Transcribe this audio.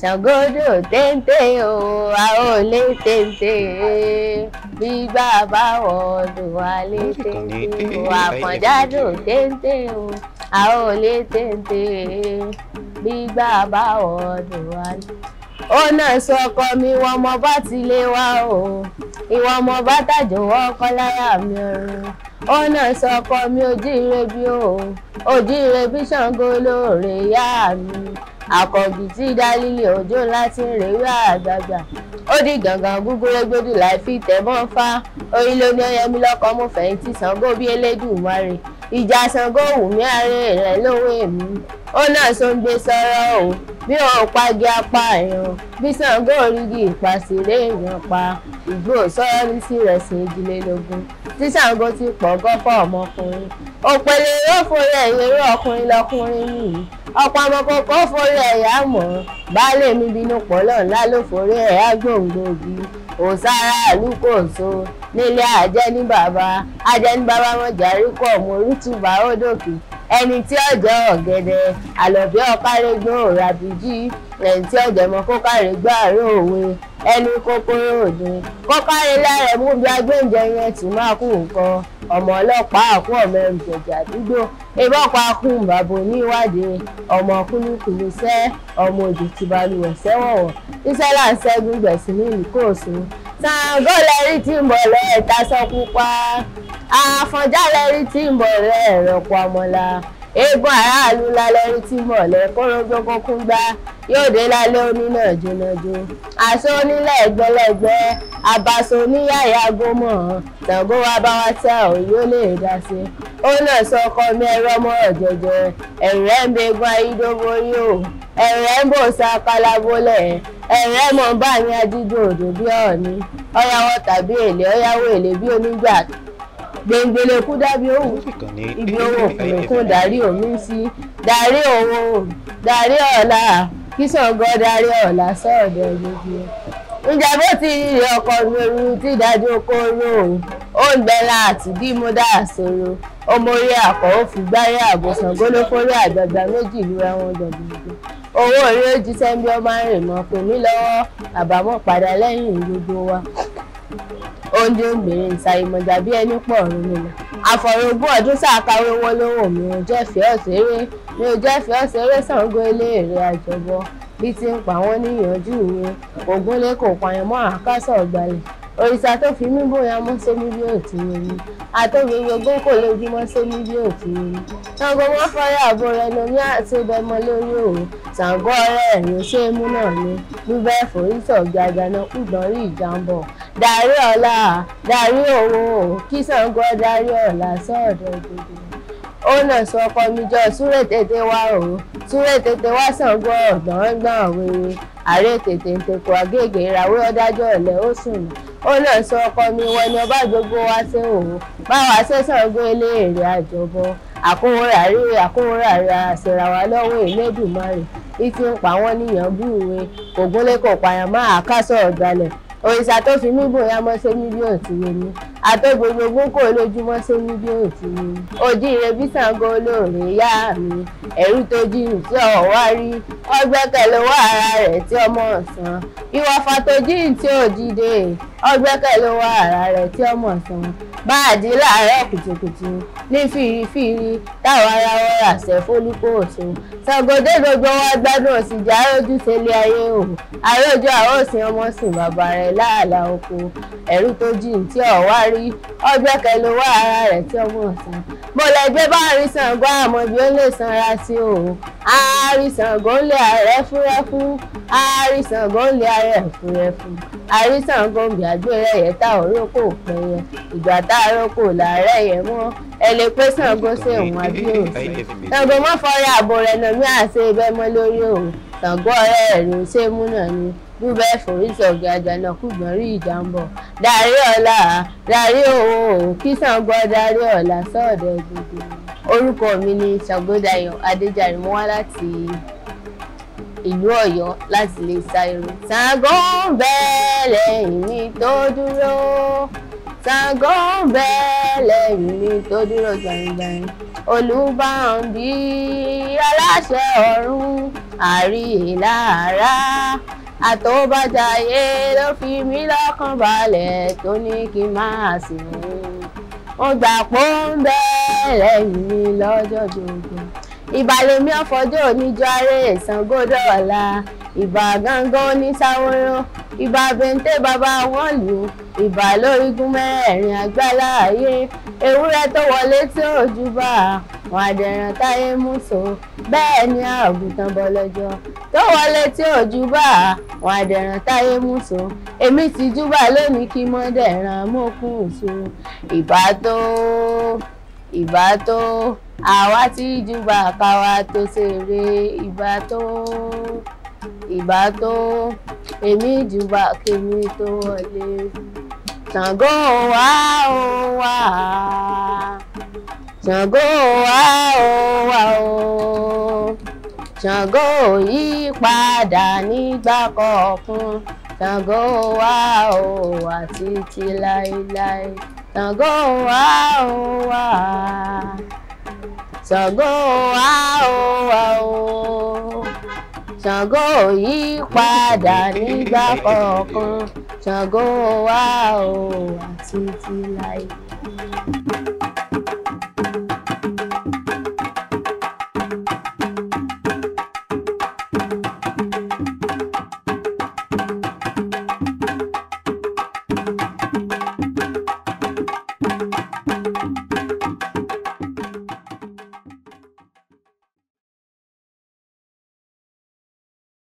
ṣàgódò téńté o a ò lè téńté bí bàbá ọdún wa lè téńté o àkànjádò téńté o a ò lè téńté bí bàbá ọdún wa lè téńté ó náà sọ ọkọ mi ìwọ ọmọ bá ti lé wa o ìwọ ọmọ bá tàjọ wọ ọkọ láyà mi ọrùn ọ̀nà ìsọkọ mi òjíire bí òun òjíire bí Ṣàngó lóore yá mi àkọ́bí tí dálílì òjò láti rèwé àgbàgbà ó di gangan gúgúrẹ́ gbódù láì fi tẹ̀bọ́n fá orí lóní ọyẹmí lọ́kọ́ mo fẹ̀yìntì Ṣàngó bí Elédùmarè ìjà Ṣàngó Wùmí ààrẹ rẹ̀ lówó èmi ó náà sóńgbé sọ́rọ́ o bí òun pagi apá èèyàn bí Ṣàngó orígi ìpàsílẹ̀ èèyàn pa ìgbó sọ́rọ́ ní tìrẹsìn ìdílélógún tí Ṣàngó ti pọ̀ gọ́fọ̀ ọmọkùnrin òpèlè yóò fòrè ìwérò ọkùnrin lọkùnrin nìyí ọ̀pọ̀ ọmọkòkò forí ẹ̀yà mọ̀ baálé mi bínú pọ̀lọ́ ńlá ló forí ẹ̀yà gbòǹgbòǹgbì òsára àlú kò so nílé àjẹ́ ní bàbá àjẹ́ ní bàbá wọn jàrí kọ̀ mọ́ orútùbà ó dòkè ẹni tí ọjọ́ ọ̀gẹ̀dẹ̀ àlọ́bí ọ̀kárẹ́gbọ́n òràbíjì ẹni tí ọ̀jẹ̀mọ́ kó kárẹ́gbọ́n àárọ̀ òwe ẹnu kòkòrò òde kọ́kárẹ́lẹ́rẹ́ mú bí agbẹ́ǹjẹ yẹn tì máa kú nǹkan ọmọ ọlọ́pàá àkú ọmọ ẹ̀ǹjẹ̀jẹ̀ àdúgbò ìbọn pa kún bàbá oníwádìí ọmọ kúlúkùlú ọmọ òdì ti balùwẹ̀ sẹ́wọ̀wọ̀ gbẹ̀sìn ní ìkóòsù Ṣàngó lẹ́rí ń bọ̀ Àfọ̀njá lẹ́rí ń bọ̀ yóò dé lálẹ́ oníná jónájó àṣọ onílẹ̀ ẹgbẹ́lẹ́gbẹ́ àbàṣọ oníyàyà gómọ̀ nàgó wa bá wa tẹ òun yóò lè dá sí ó náà sọ ọkọ mi ẹrọ mọ ọjọjọ ẹrẹ ń bẹ egun ayídóborí o ẹrẹ ń bò sa kálábólẹ ẹrẹ mọ bá ní ajídò òdò bí ọ̀ọ́ni ọ̀yàwó tàbí èlé ọ̀yàwó èlé bí onígbà gbẹ̀ngbẹ̀lẹ̀ dábí òwú ibi owó òkùnkùn darí òmí sí darí òwò darí ọ̀la kí Ṣàngó darí ọ̀la sọ́ọ̀dọ̀ gbogbo ǹjẹ́ bó ti rí ọkọ mi ru tí ìdájọ́ kó ró o ó ń gbẹ́lá àti bí mo dá àṣọrò ó mórí àkọ́ ó fi gbáyé àbò Ṣàngó ló kórè àgbàgbà méjì lu ẹ̀wọ̀n gbọ̀gbọ̀gbọ̀ owó orí ojú sẹ́ńbí ọmọ rẹ̀ mọ̀ pé mí lọ́wọ́ àbámọ̀ padà lẹ́yìn gbogbo wa oúnjẹ obìnrin e, ìsàìmọ̀jà bí ẹni pọ̀ ọ̀run nínú àfọ̀rọ̀gún ọdún sáà kàwé wọ́n lówó mi ò jẹ́ fẹ́ ọ̀sẹ̀rẹ̀ mi ò jẹ́ fi ọ̀sẹ̀ eré Ṣàngó eléèrè àjọ̀bọ̀ bí ti ń pa wọ́n níyànjú ìyẹn ògúnlé kò pààyàn mọ́ àkásọ̀ ọ̀gbàlẹ̀ òrìṣà tó fi mí bóyá mú sómi bí òtí omi àtògbègbè gbókò lójúmọ́ sómi bí òtí omi Ṣàngó wọn fọyà àbò rẹ lomi àti bẹmọ lórí òun Ṣàngó ọ̀rẹ́ ẹ̀yìn ó ṣe é mú náà ni bíbẹ́ ìfòrísọ̀ gbàgbàna kùdàn rí ìjàmbọ̀ darí ọ̀la darí òun kí Ṣàngó darí ọ̀la sọ́ọ̀dọ̀ gbogbo ọ̀nà sọkọ níjọ súré tètè wá òun súré tètè wá Ṣàngó ọ̀gbọ̀ngbọ̀n wèrè ààrẹ tètè ń tèkò àgègè ìràwé ọ̀dájọ́ ọ̀lẹ́ ó sùn nù ọ̀nà sọkọ mi wọ ni ọba gbogbo wa ṣe òun báwa ṣe Ṣàngó eléèrè àjọbọ àkúnwòrà rí àkúnwòrà rí àṣẹra wa lọ́wọ́ Elédùmarè ìfi ń pa wọ́n níyàn búwe ògúnlé kò pààyàn máa kásọ̀ ọ̀gbálẹ̀ òrìṣà tó fi mí bòyá mọ́ ṣe mí bí òtúwé mi àtọ́gbogbo kò lójúmọ́ sómi bí ò ti ní òjíire bí Ṣàngó olóore yá mi ẹ̀rú tó jiyùn tí ọ̀ wá rí wọ́n gbẹ́kẹ̀lé wá ara rẹ̀ tí ọmọ ọ̀sán ìwọ̀fà tó jiyùn tí ò dìde wọ́n gbẹ́kẹ̀lé wá ara rẹ̀ tí ọmọ ọ̀sán bá a jí láàárọ̀ kùtùkùtù ní fìrífìrí táwọn ará wọn rà ṣẹ́ fólúkó ọ̀tún gbogbo wa gbádùn òsìjà àròjù tẹ́lẹ̀ ayé o àròjù àròsìn ọmọ sìn bàbá rẹ̀ láàlà oko ẹ̀rú tó jì tí ọ̀ wá rí ọjọ́ kẹlò wá ara rẹ̀ tí ọmọ ọ̀sán mọ̀lẹ́gbẹ́ bá rí Ṣàngó àmọ́ ó lè sanra sí o àárí Ṣàngó ń lé ààrẹ fúrẹ́fú àárí Ṣàngó ń lé ààrẹ fúrẹ́fú àárí Ṣàngó ń gbàgbé rẹ̀ yẹta tá láròkò làárẹ̀ yẹn mọ́ ẹ lè pé Ṣàngó ṣe òun abíyòsí Ṣàngó mọ́ fọ́ra àbò rẹ̀ nà mí àṣẹ ibẹ̀ mọ́ lórí òun Ṣàngó ọ̀rẹ́ rẹ̀ ṣé múnà ni dúbẹ́ forísọ̀ gàdà náà kùgbọ́n rí ìjà ń bọ̀ darí ọ̀la darí òun kí Ṣàngó darí ọ̀la sọ́ọ̀dọ̀ gbogbo orúkọ mi ni Ṣàngódayọ̀ Adéjàre mo wá láti ìlú Ọ̀yọ́ láti lè sa irun Ṣàngó bẹ́ẹ̀ lẹ́yìn mi tó dúró. Ṣàngó ń bẹ lẹ́yìn mi tó dúró gbàngbàng olùbáǹbí aláṣẹ ọ̀run àríyìnlára àtọ́bàjáyé ló fi mí lọ́kàn balẹ̀ tó ní kí n máa sìn mo gbà pé ń bẹ lẹ́yìn mi lọ́jọ́ gbogbo ìbàlẹ̀ mi ọ̀fọ́jọ́ oníjọ́ aré Ṣàngó dọ̀la ìbà gángan ní sáwọ́rán ìbà bẹ̀ǹtẹ̀ bàbá wọn lù ú ìbà lórígun mẹ́rẹ̀ẹ̀rin àgbàlá ayé ewúrẹ́ tó wọlé tí ò jù bá wọn àdẹ̀ràn táyé mú so bẹ́ẹ̀ ni àgùntàn bọ́ lọ́jọ́ tó wọlé tí ò jù bá wọn àdẹ̀ràn táyé mú so èmi ti júbà lónìí kí mọ́dẹ̀ràn mọ́kùn so ìbà tó ìbà tó àwa ti júbà káwa tó ṣeré ìbà tó ìbá tó èmi jùbà kèmi tó wọlé Ṣàngó wá ó wá Ṣàngó wá ó wá ó Ṣàngó yí padà nígbà kọ̀ọ̀kan Ṣàngó wá ó wá títí láéláé Ṣàngó wá ó wá Ṣàngó wá ó wá ó. Ṣàngó yí padà nígbà kọ̀ọ̀kan Ṣàngó wà o àti ti láì.